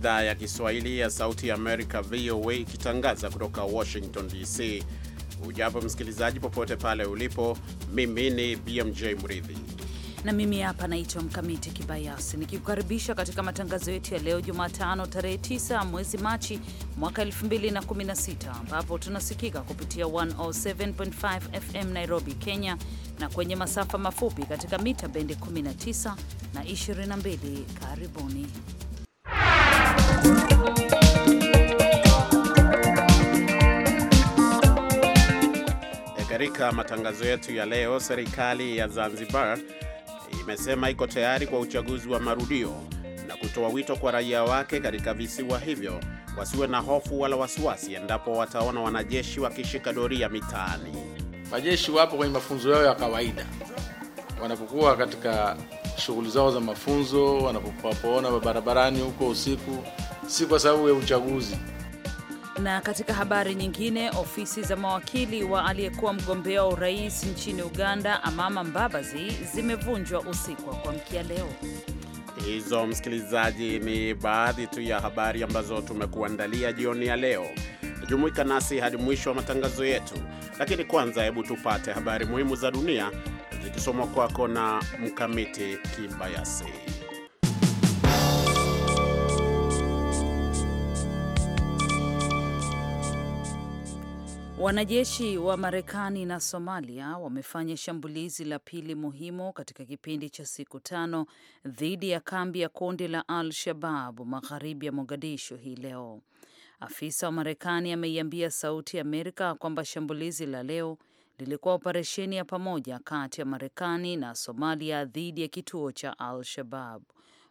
idhaa ya Kiswahili ya Sauti ya Amerika, VOA, ikitangaza kutoka Washington DC. Ujapo msikilizaji, popote pale ulipo, mimi ni BMJ Mridhi na mimi hapa naitwa Mkamiti Kibayasi nikikukaribisha katika matangazo yetu ya leo Jumatano tarehe 9 mwezi Machi mwaka 2016 ambapo tunasikika kupitia 107.5 FM Nairobi, Kenya na kwenye masafa mafupi katika mita bendi 19 na 22. Karibuni. E, katika matangazo yetu ya leo, serikali ya Zanzibar imesema iko tayari kwa uchaguzi wa marudio na kutoa wito kwa raia wake katika visiwa hivyo wasiwe na hofu wala wasiwasi endapo wataona wanajeshi wakishika doria mitaani. Majeshi wapo kwenye mafunzo yao ya kawaida, wanapokuwa katika shughuli zao za mafunzo, wanapoona barabarani huko usiku si kwa sababu ya uchaguzi. Na katika habari nyingine, ofisi za mawakili wa aliyekuwa mgombea wa urais nchini Uganda Amama Mbabazi zimevunjwa usiku wa kuamkia leo. Hizo msikilizaji, ni baadhi tu ya habari ambazo tumekuandalia jioni ya leo. Jumuika nasi hadi mwisho wa matangazo yetu, lakini kwanza, hebu tupate habari muhimu za dunia zikisomwa kwako na Mkamiti Kibayasi. Wanajeshi wa Marekani na Somalia wamefanya shambulizi la pili muhimu katika kipindi cha siku tano dhidi ya kambi ya kundi la Al Shabab magharibi ya Mogadishu hii leo. Afisa wa Marekani ameiambia Sauti ya Amerika kwamba shambulizi la leo lilikuwa operesheni ya pamoja kati ya Marekani na Somalia dhidi ya kituo cha Al Shabab.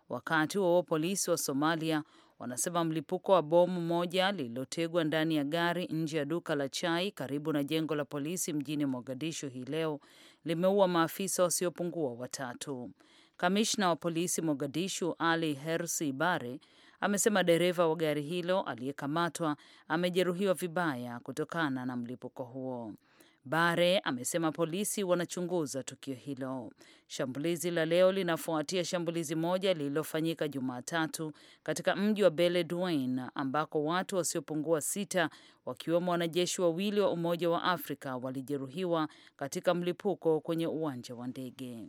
Wakati huo polisi wa Somalia wanasema mlipuko wa bomu moja lililotegwa ndani ya gari nje ya duka la chai karibu na jengo la polisi mjini Mogadishu hii leo limeua maafisa wasiopungua watatu. Kamishna wa polisi Mogadishu Ali Hersi Bare amesema dereva wa gari hilo aliyekamatwa amejeruhiwa vibaya kutokana na mlipuko huo. Bare amesema polisi wanachunguza tukio hilo. Shambulizi la leo linafuatia shambulizi moja lililofanyika Jumatatu katika mji wa Beledweyne ambako watu wasiopungua sita wakiwemo wanajeshi wawili wa Umoja wa Afrika walijeruhiwa katika mlipuko kwenye uwanja wa ndege.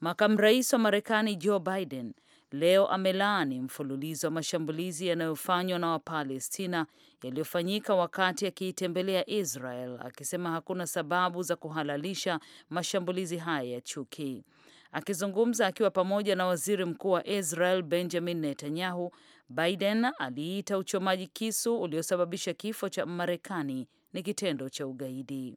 Makamu rais wa Marekani Joe Biden leo amelaani mfululizo wa mashambulizi yanayofanywa na Wapalestina yaliyofanyika wakati akiitembelea Israel, akisema hakuna sababu za kuhalalisha mashambulizi haya ya chuki. Akizungumza akiwa pamoja na waziri mkuu wa Israel Benjamin Netanyahu, Biden aliita uchomaji kisu uliosababisha kifo cha marekani ni kitendo cha ugaidi.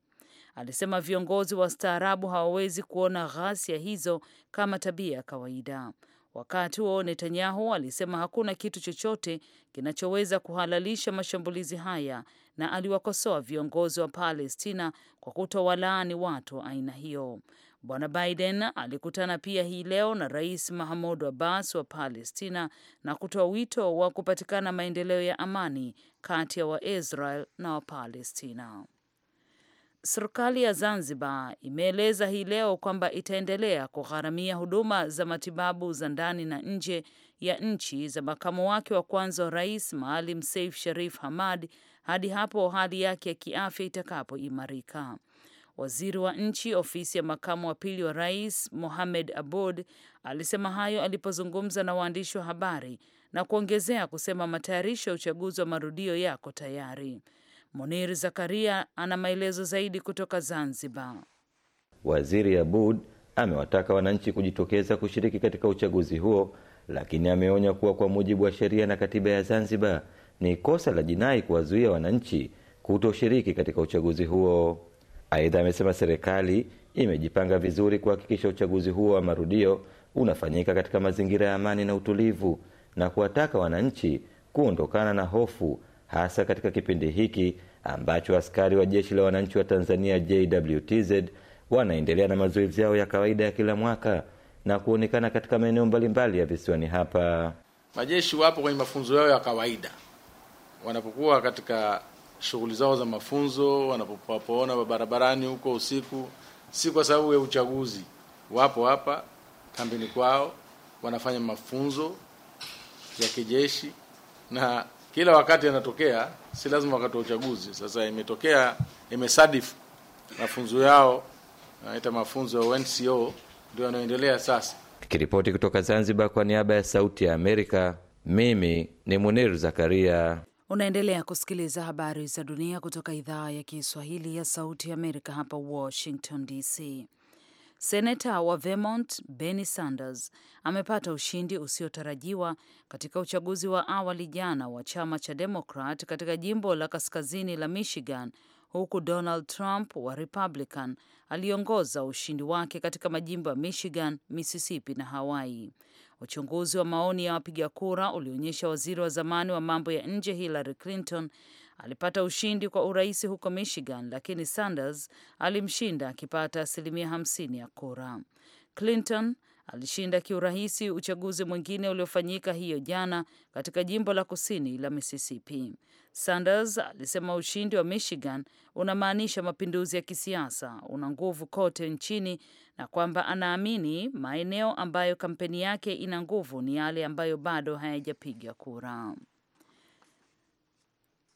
Alisema viongozi wa staarabu hawawezi kuona ghasia hizo kama tabia ya kawaida. Wakati huo Netanyahu alisema hakuna kitu chochote kinachoweza kuhalalisha mashambulizi haya, na aliwakosoa viongozi wa Palestina kwa kutowalaani watu aina hiyo. Bwana Biden alikutana pia hii leo na Rais Mahmud Abbas wa Palestina na kutoa wito wa kupatikana maendeleo ya amani kati ya Waisrael na Wapalestina. Serikali ya Zanzibar imeeleza hii leo kwamba itaendelea kugharamia huduma za matibabu za ndani na nje ya nchi za makamu wake wa kwanza wa rais Maalim Seif Sharif Hamad hadi hapo hali yake ya kiafya itakapoimarika. Waziri wa nchi ofisi ya makamu wa pili wa rais Mohamed abud alisema hayo alipozungumza na waandishi wa habari na kuongezea kusema matayarisho ya uchaguzi wa marudio yako tayari. Munir Zakaria ana maelezo zaidi kutoka Zanzibar. Waziri abud amewataka wananchi kujitokeza kushiriki katika uchaguzi huo, lakini ameonya kuwa kwa mujibu wa sheria na katiba ya Zanzibar ni kosa la jinai kuwazuia wananchi kutoshiriki katika uchaguzi huo. Aidha, amesema serikali imejipanga vizuri kuhakikisha uchaguzi huo wa marudio unafanyika katika mazingira ya amani na utulivu, na kuwataka wananchi kuondokana na hofu hasa katika kipindi hiki ambacho askari wa jeshi la wananchi wa Tanzania JWTZ wanaendelea na mazoezi yao ya kawaida ya kila mwaka na kuonekana katika maeneo mbalimbali ya visiwani hapa. Majeshi wapo kwenye mafunzo yao ya kawaida, wanapokuwa katika shughuli zao za mafunzo, wanapoona barabarani huko usiku, si kwa sababu ya uchaguzi, wapo hapa kambini kwao, wanafanya mafunzo ya kijeshi na kila wakati yanatokea, si lazima wakati wa uchaguzi. Sasa imetokea imesadif mafunzo yao naita mafunzo ya NCO ndio yanayoendelea sasa. Kiripoti kutoka Zanzibar kwa niaba ya Sauti ya Amerika, mimi ni Muniru Zakaria. Unaendelea kusikiliza habari za dunia kutoka idhaa ya Kiswahili ya Sauti ya Amerika hapa Washington DC. Seneta wa Vermont Bernie Sanders amepata ushindi usiotarajiwa katika uchaguzi wa awali jana wa chama cha Demokrat katika jimbo la kaskazini la Michigan, huku Donald Trump wa Republican aliongoza ushindi wake katika majimbo ya Michigan, Mississippi na Hawaii. Uchunguzi wa maoni ya wapiga kura ulionyesha waziri wa zamani wa mambo ya nje Hillary Clinton alipata ushindi kwa urahisi huko Michigan, lakini Sanders alimshinda akipata asilimia hamsini ya kura. Clinton alishinda kiurahisi uchaguzi mwingine uliofanyika hiyo jana katika jimbo la kusini la Mississippi. Sanders alisema ushindi wa Michigan unamaanisha mapinduzi ya kisiasa una nguvu kote nchini na kwamba anaamini maeneo ambayo kampeni yake ina nguvu ni yale ambayo bado hayajapiga kura.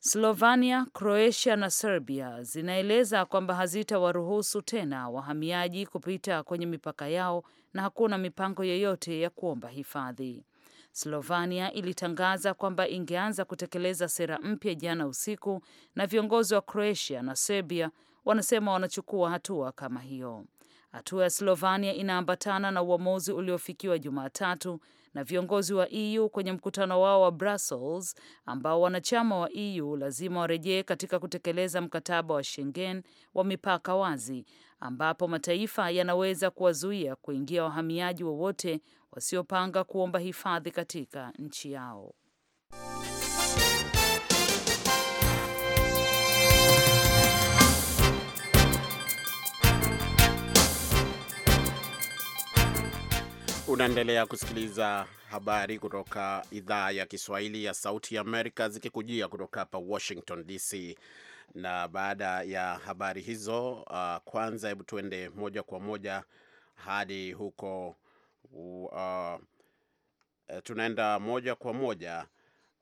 Slovenia, Croatia na Serbia zinaeleza kwamba hazitawaruhusu tena wahamiaji kupita kwenye mipaka yao na hakuna mipango yoyote ya kuomba hifadhi. Slovenia ilitangaza kwamba ingeanza kutekeleza sera mpya jana usiku na viongozi wa Croatia na Serbia wanasema wanachukua hatua kama hiyo. Hatua ya Slovenia inaambatana na uamuzi uliofikiwa Jumatatu na viongozi wa EU kwenye mkutano wao wa Brussels ambao wanachama wa EU lazima warejee katika kutekeleza mkataba wa Schengen wa mipaka wazi ambapo mataifa yanaweza kuwazuia kuingia wahamiaji wowote wa wasiopanga kuomba hifadhi katika nchi yao. Unaendelea kusikiliza habari kutoka idhaa ya Kiswahili ya Sauti ya Amerika zikikujia kutoka hapa Washington DC. Na baada ya habari hizo, uh, kwanza hebu tuende moja kwa moja hadi huko uh, tunaenda moja kwa moja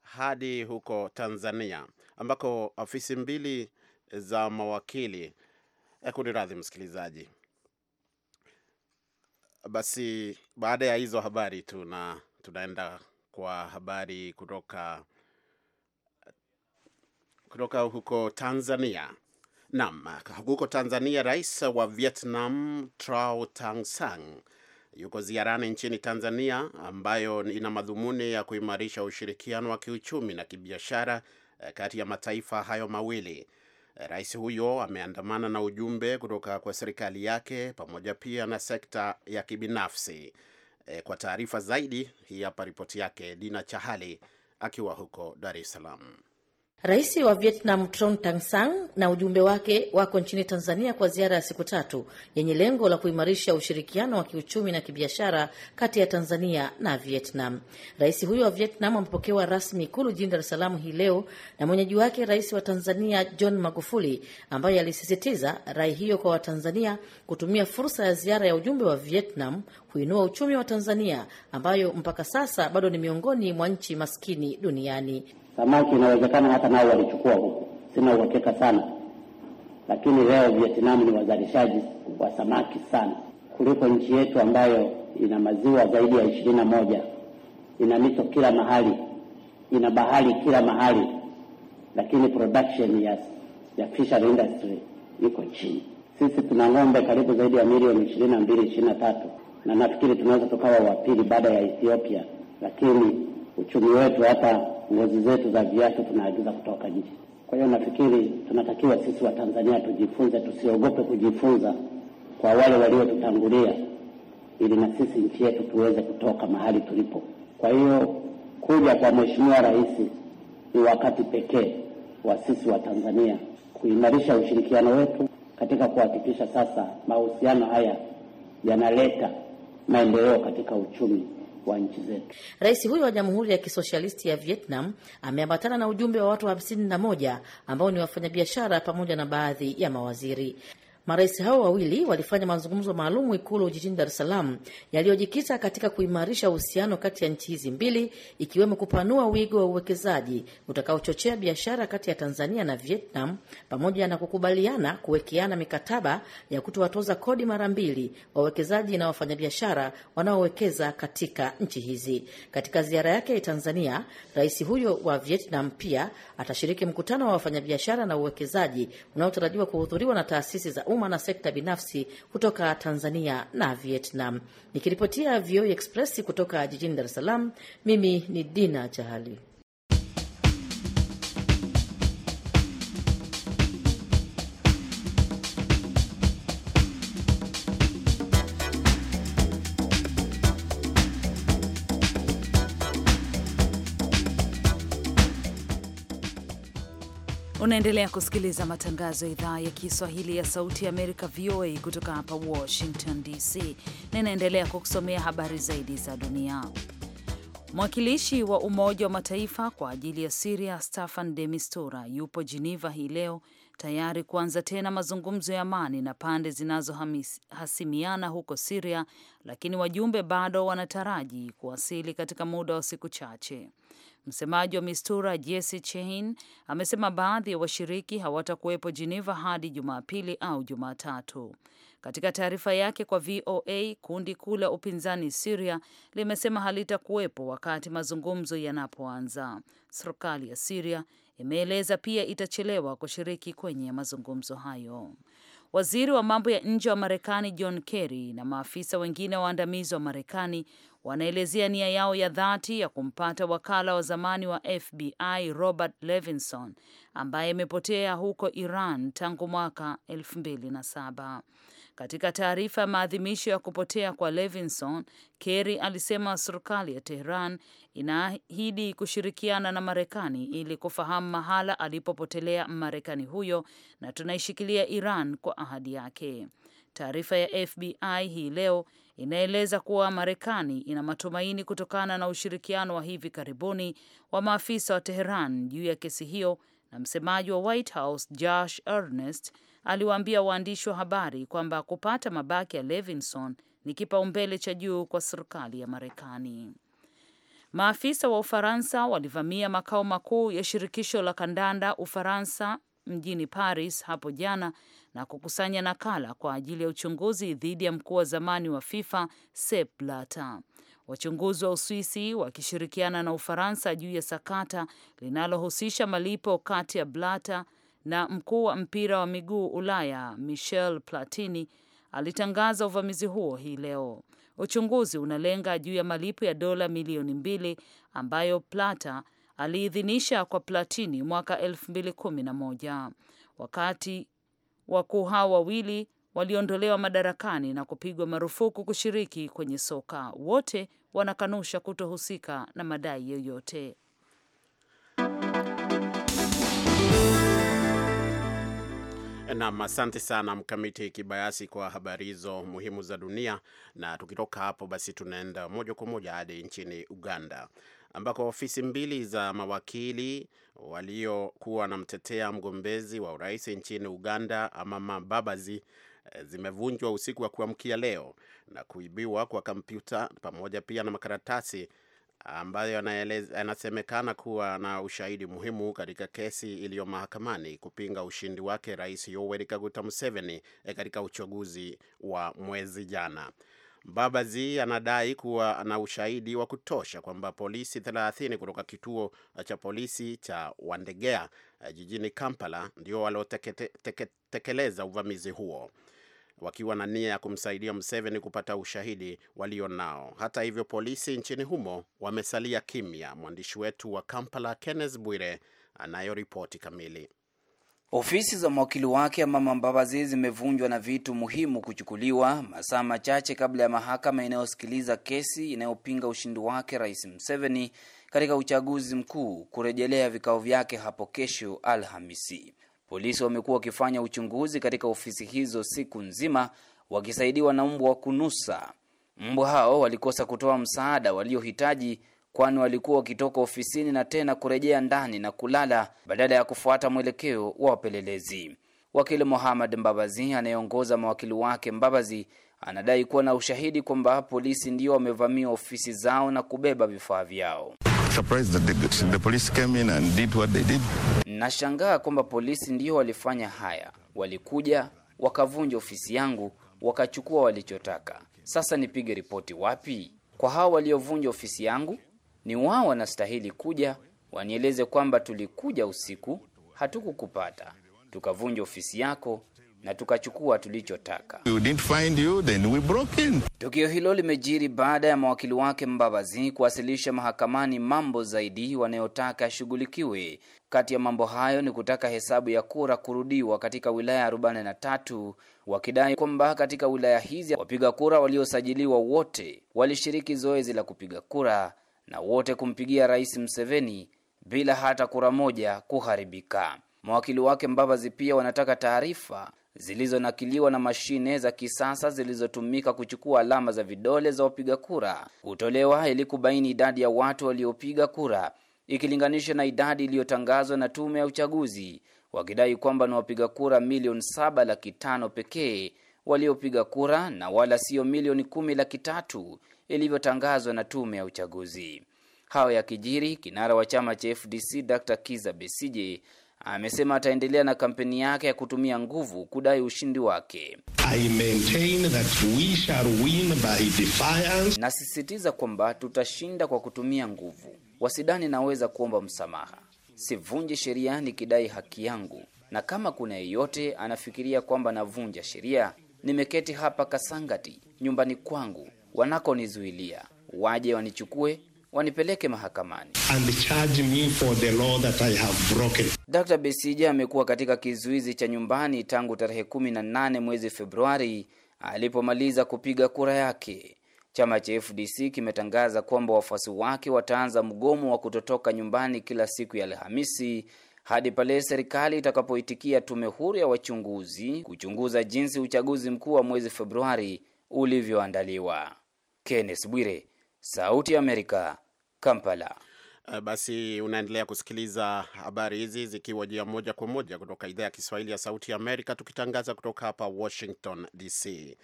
hadi huko Tanzania ambako ofisi mbili za mawakili, eh, kuniradhi msikilizaji basi baada ya hizo habari na tunaenda kwa habari kutoka kutoka huko Tanzania. Naam, huko Tanzania rais wa Vietnam Trao Tang Sang yuko ziarani nchini Tanzania ambayo ina madhumuni ya kuimarisha ushirikiano wa kiuchumi na kibiashara eh, kati ya mataifa hayo mawili. Rais huyo ameandamana na ujumbe kutoka kwa serikali yake pamoja pia na sekta ya kibinafsi. E, kwa taarifa zaidi hii hapa ripoti yake Dina Chahali akiwa huko Dar es Salaam. Rais wa Vietnam Tron Tan Sang na ujumbe wake wako nchini Tanzania kwa ziara ya siku tatu yenye lengo la kuimarisha ushirikiano wa kiuchumi na kibiashara kati ya Tanzania na Vietnam. Rais huyo wa Vietnam amepokewa rasmi Ikulu jijini Dar es Salaam hii leo na mwenyeji wake Rais wa Tanzania John Magufuli, ambaye alisisitiza rai hiyo kwa Watanzania kutumia fursa ya ziara ya ujumbe wa Vietnam kuinua uchumi wa Tanzania ambayo mpaka sasa bado ni miongoni mwa nchi maskini duniani. Samaki inawezekana hata nao walichukua huku, sina uhakika sana, lakini leo Vietnam ni wazalishaji wa samaki sana kuliko nchi yetu ambayo ina maziwa zaidi ya ishirini na moja, ina mito kila mahali, ina bahari kila mahali, lakini production ya, ya fishery industry iko chini. Sisi tuna ng'ombe karibu zaidi ya milioni ishirini na mbili ishirini na tatu na nafikiri tunaweza tukawa wa pili baada ya Ethiopia, lakini uchumi wetu hata ngozi zetu za viatu tunaagiza kutoka nje. Kwa hiyo nafikiri tunatakiwa sisi Watanzania tujifunze, tusiogope kujifunza kwa wale waliotutangulia, ili na sisi nchi yetu tuweze kutoka mahali tulipo. Kwa hiyo kuja kwa Mheshimiwa Rais ni wakati pekee wa sisi Watanzania kuimarisha ushirikiano wetu katika kuhakikisha sasa mahusiano haya yanaleta maendeleo katika uchumi wa nchi zetu. Rais huyo wa Jamhuri ya kisosialisti ya Vietnam ameambatana na ujumbe wa watu hamsini na moja ambao ni wafanyabiashara pamoja na baadhi ya mawaziri. Marais hao wawili walifanya mazungumzo maalumu Ikulu jijini Dar es Salaam yaliyojikita katika kuimarisha uhusiano kati ya nchi hizi mbili, ikiwemo kupanua wigo wa uwekezaji utakaochochea biashara kati ya Tanzania na Vietnam, pamoja na kukubaliana kuwekeana mikataba ya kutowatoza kodi mara mbili wawekezaji na wafanyabiashara wanaowekeza katika nchi hizi. Katika ziara yake ya Tanzania, rais huyo wa Vietnam pia atashiriki mkutano wa wafanyabiashara na uwekezaji unaotarajiwa kuhudhuriwa na taasisi za umma na sekta binafsi kutoka Tanzania na Vietnam. Nikiripotia VOA e Express kutoka jijini Dar es Salaam, mimi ni Dina Chahali. Unaendelea kusikiliza matangazo ya idhaa ya Kiswahili ya Sauti ya Amerika, VOA, kutoka hapa Washington DC, na inaendelea kukusomea habari zaidi za dunia. Mwakilishi wa Umoja wa Mataifa kwa ajili ya Siria Staffan de Mistura yupo Jeneva hii leo tayari kuanza tena mazungumzo ya amani na pande zinazohasimiana huko Siria, lakini wajumbe bado wanataraji kuwasili katika muda wa siku chache. Msemaji wa Mistura Jesse Chehin amesema baadhi ya wa washiriki hawatakuwepo Geneva hadi Jumapili au Jumatatu. Katika taarifa yake kwa VOA, kundi kuu la upinzani Siria limesema halitakuwepo wakati mazungumzo yanapoanza. Serikali ya Siria imeeleza pia itachelewa kushiriki kwenye mazungumzo hayo. Waziri wa mambo ya nje wa Marekani John Kerry na maafisa wengine waandamizi wa Marekani wanaelezea nia yao ya dhati ya kumpata wakala wa zamani wa FBI Robert Levinson ambaye amepotea huko Iran tangu mwaka 2007. Katika taarifa ya maadhimisho ya kupotea kwa Levinson, Kerry alisema serikali ya Tehran inaahidi kushirikiana na Marekani ili kufahamu mahala alipopotelea marekani huyo na tunaishikilia Iran kwa ahadi yake. Taarifa ya FBI hii leo inaeleza kuwa Marekani ina matumaini kutokana na ushirikiano wa hivi karibuni wa maafisa wa Teheran juu ya kesi hiyo, na msemaji wa White House Josh Earnest aliwaambia waandishi wa habari kwamba kupata mabaki ya Levinson ni kipaumbele cha juu kwa serikali ya Marekani. Maafisa wa Ufaransa walivamia makao makuu ya shirikisho la kandanda Ufaransa mjini Paris hapo jana na kukusanya nakala kwa ajili ya uchunguzi dhidi ya mkuu wa zamani wa FIFA Sepp Blatter. Wachunguzi wa Uswisi wakishirikiana na Ufaransa juu ya sakata linalohusisha malipo kati ya Blatter na mkuu wa mpira wa miguu Ulaya Michel Platini alitangaza uvamizi huo hii leo. Uchunguzi unalenga juu ya malipo ya dola milioni mbili ambayo Plata aliidhinisha kwa Platini mwaka 2011 wakati Wakuu hao wawili waliondolewa madarakani na kupigwa marufuku kushiriki kwenye soka. Wote wanakanusha kutohusika na madai yoyote. Nam, asante sana Mkamiti Kibayasi kwa habari hizo muhimu za dunia. Na tukitoka hapo, basi tunaenda moja kwa moja hadi nchini Uganda ambako ofisi mbili za mawakili waliokuwa wanamtetea mgombezi wa urais nchini Uganda Amama Mbabazi eh, zimevunjwa usiku wa kuamkia leo na kuibiwa kwa kompyuta pamoja pia na makaratasi ambayo yanasemekana kuwa na ushahidi muhimu katika kesi iliyo mahakamani kupinga ushindi wake Rais Yoweri Kaguta Museveni eh, katika uchaguzi wa mwezi jana. Mbabazi anadai kuwa ana ushahidi wa kutosha kwamba polisi 30 kutoka kituo eh, cha polisi cha Wandegea eh, jijini Kampala ndio waliotekeleza uvamizi huo wakiwa na nia ya kumsaidia Museveni kupata ushahidi walio nao. Hata hivyo, polisi nchini humo wamesalia kimya. Mwandishi wetu wa Kampala Kenneth Bwire anayoripoti kamili. Ofisi za mwakili wake Amama Mbabazi zimevunjwa na vitu muhimu kuchukuliwa masaa machache kabla ya mahakama inayosikiliza kesi inayopinga ushindi wake Rais Museveni katika uchaguzi mkuu kurejelea vikao vyake hapo kesho Alhamisi. Polisi wamekuwa wakifanya uchunguzi katika ofisi hizo siku nzima wakisaidiwa na mbwa wa kunusa. Mbwa hao walikosa kutoa msaada waliohitaji kwani walikuwa wakitoka ofisini na tena kurejea ndani na kulala badala ya kufuata mwelekeo wa wapelelezi. Wakili Mohamed Mbabazi anayeongoza mawakili wake Mbabazi anadai kuwa na ushahidi kwamba polisi ndio wamevamia ofisi zao na kubeba vifaa vyao. Nashangaa kwamba polisi ndio walifanya haya, walikuja wakavunja ofisi yangu wakachukua walichotaka. Sasa nipige ripoti wapi kwa hao waliovunja ofisi yangu? Ni wao wanastahili kuja wanieleze kwamba tulikuja usiku, hatukukupata, tukavunja ofisi yako na tukachukua tulichotaka. Tukio hilo limejiri baada ya mawakili wake Mbabazi kuwasilisha mahakamani mambo zaidi wanayotaka yashughulikiwe. Kati ya mambo hayo ni kutaka hesabu ya kura kurudiwa katika wilaya 43 wakidai kwamba katika wilaya hizi wapiga kura waliosajiliwa wote walishiriki zoezi la kupiga kura na wote kumpigia Rais Mseveni bila hata kura moja kuharibika. Mawakili wake Mbabazi pia wanataka taarifa zilizonakiliwa na mashine za kisasa zilizotumika kuchukua alama za vidole za wapiga kura kutolewa ili kubaini idadi ya watu waliopiga kura ikilinganisha na idadi iliyotangazwa na tume ya uchaguzi, wakidai kwamba ni wapiga kura milioni saba laki tano pekee waliopiga kura na wala siyo milioni kumi laki tatu ilivyotangazwa na tume ya uchaguzi. Hayo kijiri kinara wa chama cha FDC Dr. Kiza Besije amesema ataendelea na kampeni yake ya kutumia nguvu kudai ushindi wake. I maintain that we shall win by defiance. Nasisitiza kwamba tutashinda kwa kutumia nguvu. Wasidani naweza kuomba msamaha, sivunje sheria nikidai haki yangu, na kama kuna yeyote anafikiria kwamba navunja sheria, nimeketi hapa Kasangati nyumbani kwangu wanakonizuilia, waje wanichukue wanipeleke mahakamani. Dr. Besija amekuwa katika kizuizi cha nyumbani tangu tarehe 18 mwezi Februari alipomaliza kupiga kura yake. Chama cha FDC kimetangaza kwamba wafuasi wake wataanza mgomo wa kutotoka nyumbani kila siku ya Alhamisi hadi pale serikali itakapoitikia tume huru ya wachunguzi kuchunguza jinsi uchaguzi mkuu wa mwezi Februari ulivyoandaliwa. Kenneth Bwire, Sauti ya Amerika, Kampala. Eh, basi unaendelea kusikiliza habari hizi zikiwa jia moja kwa moja kutoka idhaa ya Kiswahili ya Sauti ya Amerika, tukitangaza kutoka hapa Washington DC.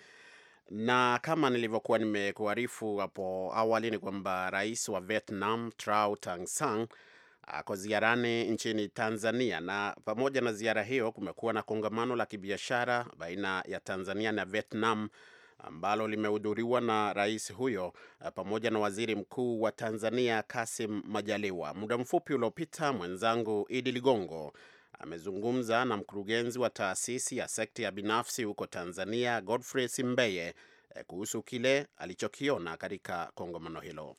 Na kama nilivyokuwa nimekuarifu hapo awali, ni kwamba rais wa Vietnam Trau Tang Sang ako ziarani nchini Tanzania, na pamoja na ziara hiyo kumekuwa na kongamano la kibiashara baina ya Tanzania na Vietnam ambalo limehudhuriwa na rais huyo eh, pamoja na waziri mkuu wa Tanzania Kasim Majaliwa. Muda mfupi uliopita, mwenzangu Idi Ligongo amezungumza na mkurugenzi wa taasisi ya sekta ya binafsi huko Tanzania Godfrey Simbeye eh, kuhusu kile alichokiona katika kongamano hilo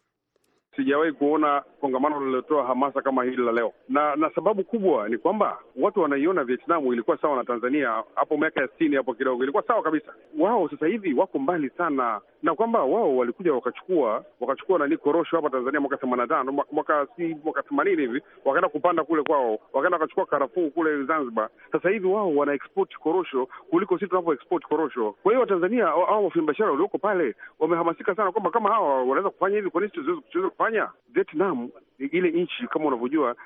sijawahi kuona kongamano lililotoa hamasa kama hili la leo, na na sababu kubwa ni kwamba watu wanaiona Vietnamu ilikuwa sawa na Tanzania hapo miaka ya sitini, hapo kidogo ilikuwa sawa kabisa. Wao sasa hivi wako mbali sana, na kwamba wao walikuja wakachukua wakachukua nani korosho hapa Tanzania mwaka themanini na tano mwaka si mwaka themanini hivi, wakaenda kupanda kule kwao, wakaenda wakachukua karafuu kule Zanzibar. Sasa hivi wao wana export korosho kuliko sisi tunapo export korosho. Kwa hiyo Watanzania au wafanyabiashara walioko pale wamehamasika sana kwamba kama hawa wanaweza kufanya hivi, kwa nini tusiweze kufanya kufanya Vietnam ile nchi kama unavyojua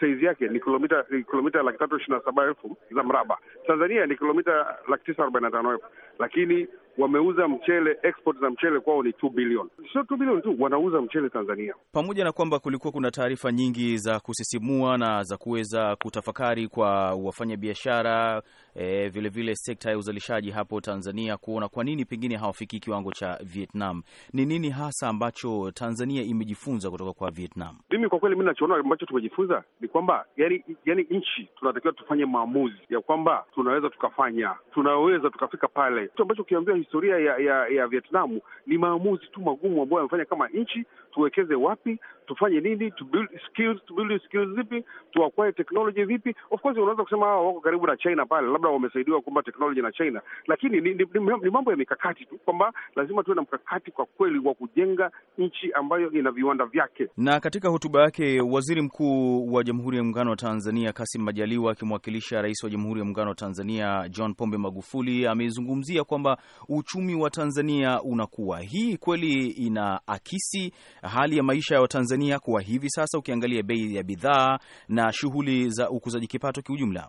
saizi yake ni kilomita kilomita laki tatu ishirini na saba elfu za mraba. Tanzania ni kilomita laki tisa arobaini na tano elfu lakini wameuza mchele, export za mchele kwao ni 2 billion Sio 2 billion tu, wanauza mchele Tanzania. Pamoja na kwamba kulikuwa kuna taarifa nyingi za kusisimua na za kuweza kutafakari kwa wafanyabiashara e, vilevile sekta ya uzalishaji hapo Tanzania kuona kwa nini pengine hawafikii kiwango cha Vietnam. Ni nini hasa ambacho Tanzania imejifunza kutoka kwa Vietnam? Mimi kwa kweli mi nachoona ambacho tumejifunza ni kwamba yani, yani nchi tunatakiwa tufanye maamuzi ya kwamba tunaweza tukafanya, tunaweza tukafika pale. Kitu ambacho ukiambiwa historia ya, ya, ya Vietnam ni maamuzi tu magumu ambayo yamefanya kama nchi tuwekeze wapi, tufanye nini, tu build skills, build skills zipi, tu technology vipi? Of course unaweza kusema hawa ah, wako karibu na China pale, labda wamesaidiwa kwamba technology na China, lakini ni, ni, ni, ni mambo ya mikakati tu kwamba lazima tuwe na mkakati kwa kweli wa kujenga nchi ambayo ina viwanda vyake. Na katika hotuba yake Waziri Mkuu wa Jamhuri ya Muungano wa Tanzania Kassim Majaliwa akimwakilisha Rais wa Jamhuri ya Muungano wa Tanzania John Pombe Magufuli amezungumzia kwamba uchumi wa Tanzania unakuwa. Hii kweli ina akisi hali ya maisha ya Watanzania kuwa hivi sasa, ukiangalia bei ya bidhaa na shughuli za ukuzaji kipato kiujumla?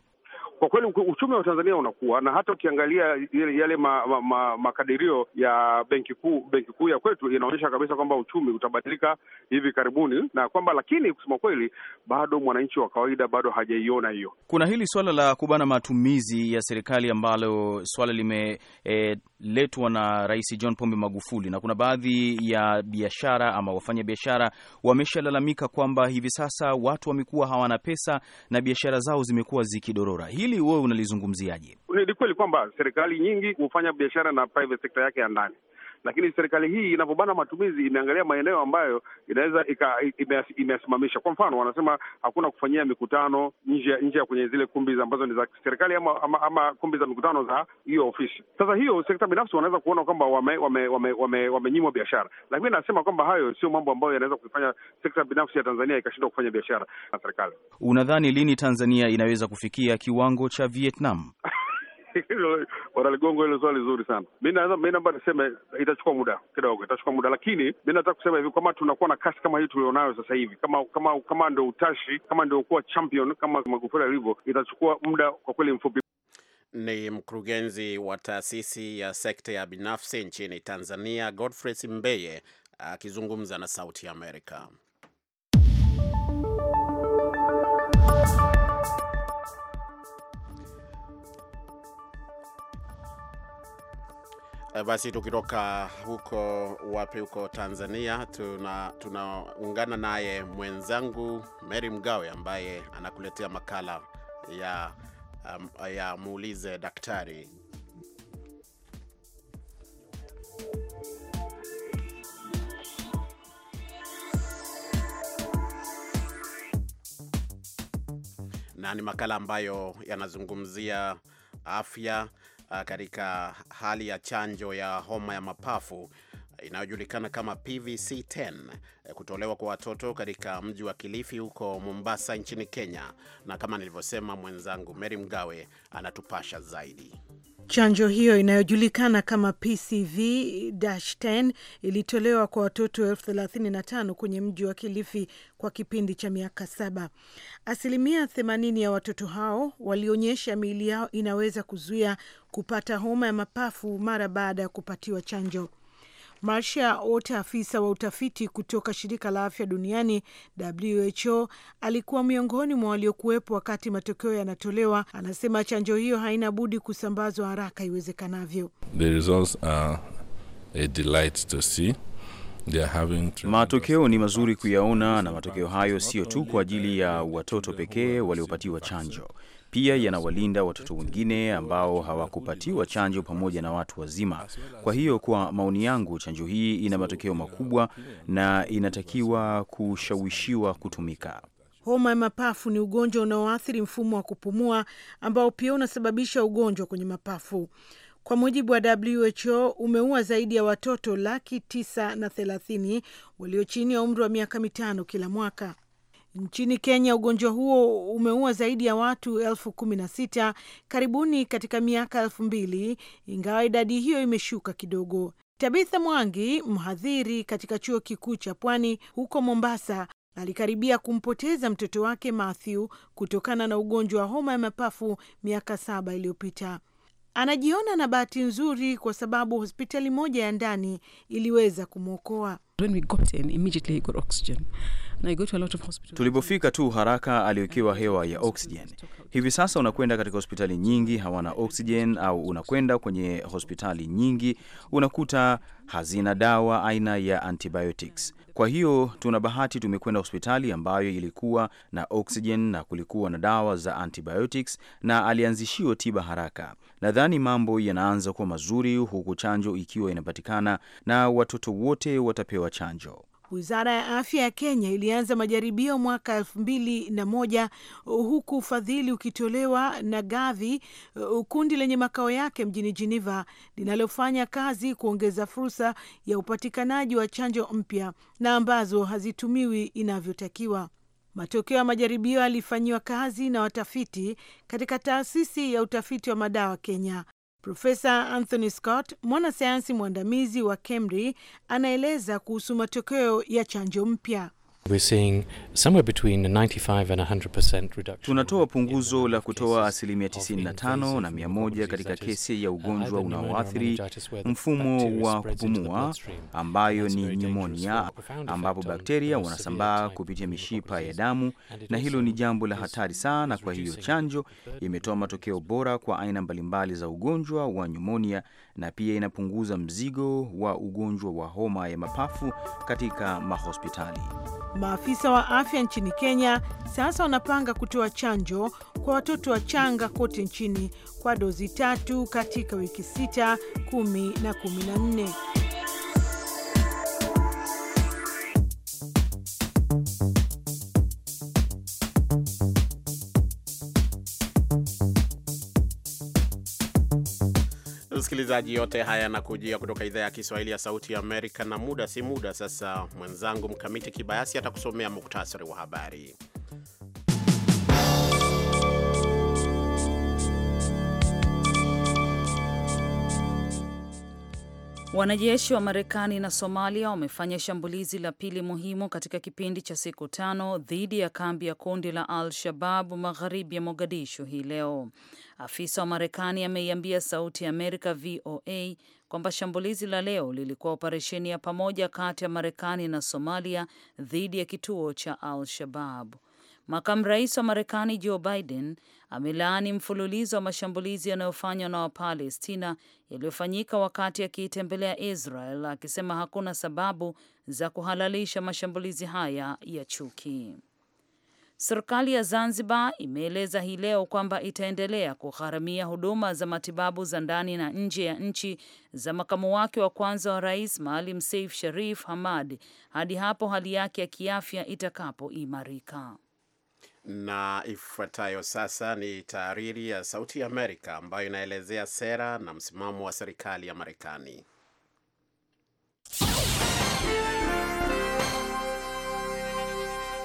Kwa kweli uchumi wa Tanzania unakuwa na hata ukiangalia yale makadirio ma, ma, ma ya benki kuu benki kuu ya kwetu inaonyesha kabisa kwamba uchumi utabadilika hivi karibuni, na kwamba lakini kusema kweli bado mwananchi wa kawaida bado hajaiona hiyo. Kuna hili swala la kubana matumizi ya serikali ambalo swala limeletwa eh, e, na Rais John Pombe Magufuli, na kuna baadhi ya biashara ama wafanya biashara wameshalalamika kwamba hivi sasa watu wamekuwa hawana pesa na biashara zao zimekuwa zikidorora hili wewe unalizungumziaje? Ni kweli kwamba serikali nyingi hufanya biashara na private sector yake ya ndani, lakini serikali hii inavyobana matumizi imeangalia maeneo ambayo inaweza imeyasimamisha. Kwa mfano, wanasema hakuna kufanyia mikutano nje nje ya kwenye zile kumbi ambazo ni za serikali ama, ama, ama kumbi za mikutano za hiyo ofisi. Sasa hiyo sekta binafsi wanaweza kuona kwamba wamenyimwa wame, wame, wame, wame biashara, lakini nasema kwamba hayo sio mambo ambayo yanaweza kuifanya sekta binafsi ya Tanzania ikashindwa kufanya biashara na serikali. Unadhani lini Tanzania inaweza kufikia kiwango cha Vietnam? wanaligonga hilo swali zuri sana. Mi naomba niseme itachukua muda kidogo, itachukua muda, lakini mi nataka kusema hivi kwamba tunakuwa na kasi kama hii tulionayo sasa hivi, kama kama kama ndio utashi, kama ndo kuwa champion kama Magufuli alivyo, itachukua muda kwa kweli mfupi. Ni mkurugenzi wa taasisi ya sekta ya binafsi nchini Tanzania, Godfrey Simbeye akizungumza na Sauti ya Amerika. Eh, basi tukitoka huko wapi, huko Tanzania, tuna tunaungana naye mwenzangu Mary Mgawe ambaye anakuletea makala ya, um, ya muulize daktari. na ni makala ambayo yanazungumzia afya Ah, katika hali ya chanjo ya homa ya mapafu ah, inayojulikana kama PVC10 eh, kutolewa kwa watoto katika mji wa Kilifi huko Mombasa nchini Kenya, na kama nilivyosema, mwenzangu Mary Mgawe anatupasha zaidi. Chanjo hiyo inayojulikana kama PCV-10 ilitolewa kwa watoto elfu thelathini na tano kwenye mji wa Kilifi kwa kipindi cha miaka saba. Asilimia themanini ya watoto hao walionyesha miili yao inaweza kuzuia kupata homa ya mapafu mara baada ya kupatiwa chanjo. Marsha Ote, afisa wa utafiti kutoka shirika la afya duniani WHO, alikuwa miongoni mwa waliokuwepo wakati matokeo yanatolewa. Anasema chanjo hiyo haina budi kusambazwa haraka iwezekanavyo. Matokeo ni mazuri kuyaona, na matokeo hayo siyo tu kwa ajili ya watoto pekee waliopatiwa chanjo, pia yanawalinda watoto wengine ambao hawakupatiwa chanjo pamoja na watu wazima. Kwa hiyo, kwa maoni yangu, chanjo hii ina matokeo makubwa na inatakiwa kushawishiwa kutumika. Homa ya mapafu ni ugonjwa unaoathiri mfumo wa kupumua ambao pia unasababisha ugonjwa kwenye mapafu. Kwa mujibu wa WHO umeua zaidi ya watoto laki tisa na thelathini walio chini ya umri wa miaka mitano kila mwaka. Nchini Kenya, ugonjwa huo umeua zaidi ya watu elfu kumi na sita karibuni katika miaka elfu mbili ingawa idadi hiyo imeshuka kidogo. Tabitha Mwangi, mhadhiri katika chuo kikuu cha Pwani huko Mombasa, alikaribia kumpoteza mtoto wake Matthew kutokana na ugonjwa wa homa ya mapafu miaka saba iliyopita. Anajiona na bahati nzuri kwa sababu hospitali moja ya ndani iliweza kumwokoa. Tulipofika tu haraka aliwekewa hewa ya oksijeni. Hivi sasa unakwenda katika hospitali nyingi hawana oksijeni, au unakwenda kwenye hospitali nyingi unakuta hazina dawa aina ya antibiotics. Kwa hiyo tuna bahati, tumekwenda hospitali ambayo ilikuwa na oksijen na kulikuwa na dawa za antibiotics na alianzishiwa tiba haraka. Nadhani mambo yanaanza kuwa mazuri, huku chanjo ikiwa inapatikana na watoto wote watapewa chanjo. Wizara ya afya ya Kenya ilianza majaribio mwaka elfu mbili na moja huku ufadhili ukitolewa na Gavi, kundi lenye makao yake mjini Geneva linalofanya kazi kuongeza fursa ya upatikanaji wa chanjo mpya na ambazo hazitumiwi inavyotakiwa. Matokeo ya majaribio yalifanyiwa kazi na watafiti katika taasisi ya utafiti wa madawa Kenya Profesa Anthony Scott, mwanasayansi mwandamizi wa KEMRI, anaeleza kuhusu matokeo ya chanjo mpya. Tunatoa punguzo la kutoa asilimia 95 na 100 katika kesi ya uh, ugonjwa unaoathiri mfumo wa kupumua ambayo ni nyumonia, ambapo bakteria wanasambaa kupitia mishipa ya damu, na hilo ni jambo la hatari sana. Kwa hiyo chanjo imetoa matokeo bora kwa aina mbalimbali za ugonjwa wa nyumonia, na pia inapunguza mzigo wa ugonjwa wa homa ya mapafu katika mahospitali. Maafisa wa afya nchini Kenya sasa wanapanga kutoa chanjo kwa watoto wachanga kote nchini kwa dozi tatu katika wiki sita, kumi na kumi na nne. msikilizaji, yote haya yanakujia kutoka idhaa ya Kiswahili ya Sauti ya Amerika, na muda si muda sasa mwenzangu Mkamiti Kibayasi atakusomea muktasari wa habari. Wanajeshi wa Marekani na Somalia wamefanya shambulizi la pili muhimu katika kipindi cha siku tano dhidi ya kambi ya kundi la Al Shabab magharibi ya Mogadishu hii leo. Afisa wa Marekani ameiambia Sauti ya Amerika VOA kwamba shambulizi la leo lilikuwa operesheni ya pamoja kati ya Marekani na Somalia dhidi ya kituo cha Al Shabab. Makamu rais wa Marekani Joe Biden amelaani mfululizo wa mashambulizi yanayofanywa na Wapalestina yaliyofanyika wakati akiitembelea Israel, akisema hakuna sababu za kuhalalisha mashambulizi haya ya chuki. Serikali ya Zanzibar imeeleza hii leo kwamba itaendelea kugharamia huduma za matibabu za ndani na nje ya nchi za makamu wake wa kwanza wa rais Maalim Seif Sharif Hamad hadi hapo hali yake ya kiafya itakapoimarika. Na ifuatayo sasa ni taariri ya Sauti ya Amerika ambayo inaelezea sera na msimamo wa serikali ya Marekani.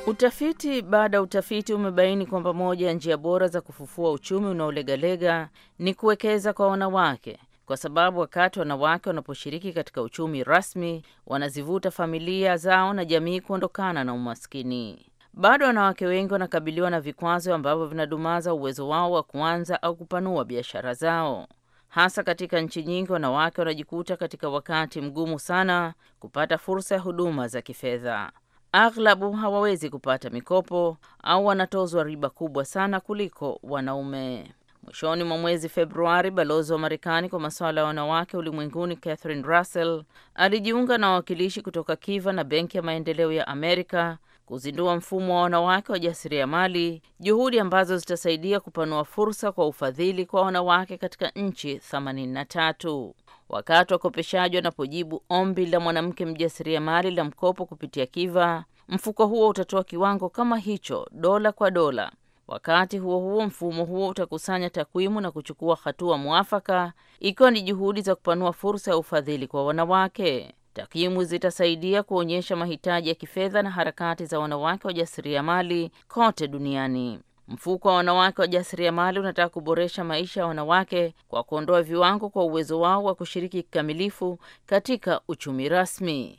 Utafiti baada ya utafiti umebaini kwamba moja ya njia bora za kufufua uchumi unaolegalega ni kuwekeza kwa wanawake, kwa sababu wakati wanawake wanaposhiriki katika uchumi rasmi, wanazivuta familia zao na jamii kuondokana na umaskini. Bado wanawake wengi wanakabiliwa na vikwazo ambavyo vinadumaza uwezo wao wa kuanza au kupanua biashara zao. Hasa katika nchi nyingi, wanawake wanajikuta katika wakati mgumu sana kupata fursa ya huduma za kifedha. Aghlabu hawawezi kupata mikopo au wanatozwa riba kubwa sana kuliko wanaume. Mwishoni mwa mwezi Februari, balozi wa Marekani kwa masuala ya wanawake ulimwenguni Catherine Russell alijiunga na wawakilishi kutoka Kiva na Benki ya Maendeleo ya Amerika kuzindua mfumo wa wanawake wa jasiriamali juhudi ambazo zitasaidia kupanua fursa kwa ufadhili kwa wanawake katika nchi 83. Wakati wakopeshaji wanapojibu ombi la mwanamke mjasiriamali la mkopo kupitia Kiva, mfuko huo utatoa kiwango kama hicho, dola kwa dola. Wakati huo huo, mfumo huo utakusanya takwimu na kuchukua hatua mwafaka, ikiwa ni juhudi za kupanua fursa ya ufadhili kwa wanawake. Takwimu zitasaidia kuonyesha mahitaji ya kifedha na harakati za wanawake wajasiriamali kote duniani. Mfuko wa wanawake wa mali unataka kuboresha maisha ya wanawake kwa kuondoa viwango kwa uwezo wao wa kushiriki kikamilifu katika uchumi rasmi.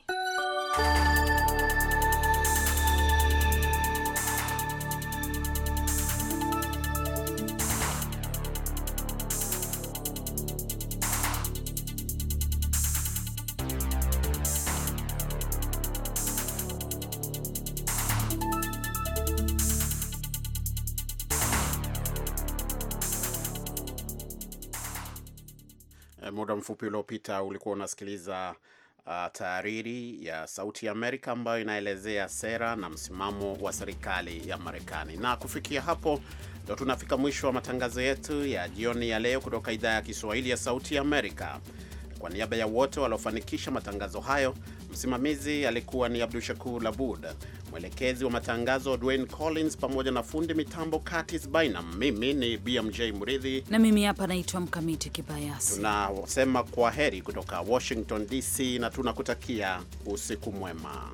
mfupi uliopita ulikuwa unasikiliza uh, taariri ya Sauti ya Amerika ambayo inaelezea sera na msimamo wa serikali ya Marekani. Na kufikia hapo ndo tunafika mwisho wa matangazo yetu ya jioni ya leo kutoka idhaa ya Kiswahili ya Sauti ya Amerika. Kwa niaba ya wote waliofanikisha matangazo hayo, msimamizi alikuwa ni Abdu Shakur Labud, mwelekezi wa matangazo Dwayne Collins, pamoja na fundi mitambo Curtis Bynum. Mimi ni BMJ Mridhi na mimi hapa naitwa Mkamiti Kibayasi. Tunasema kwa heri kutoka Washington DC na tunakutakia usiku mwema.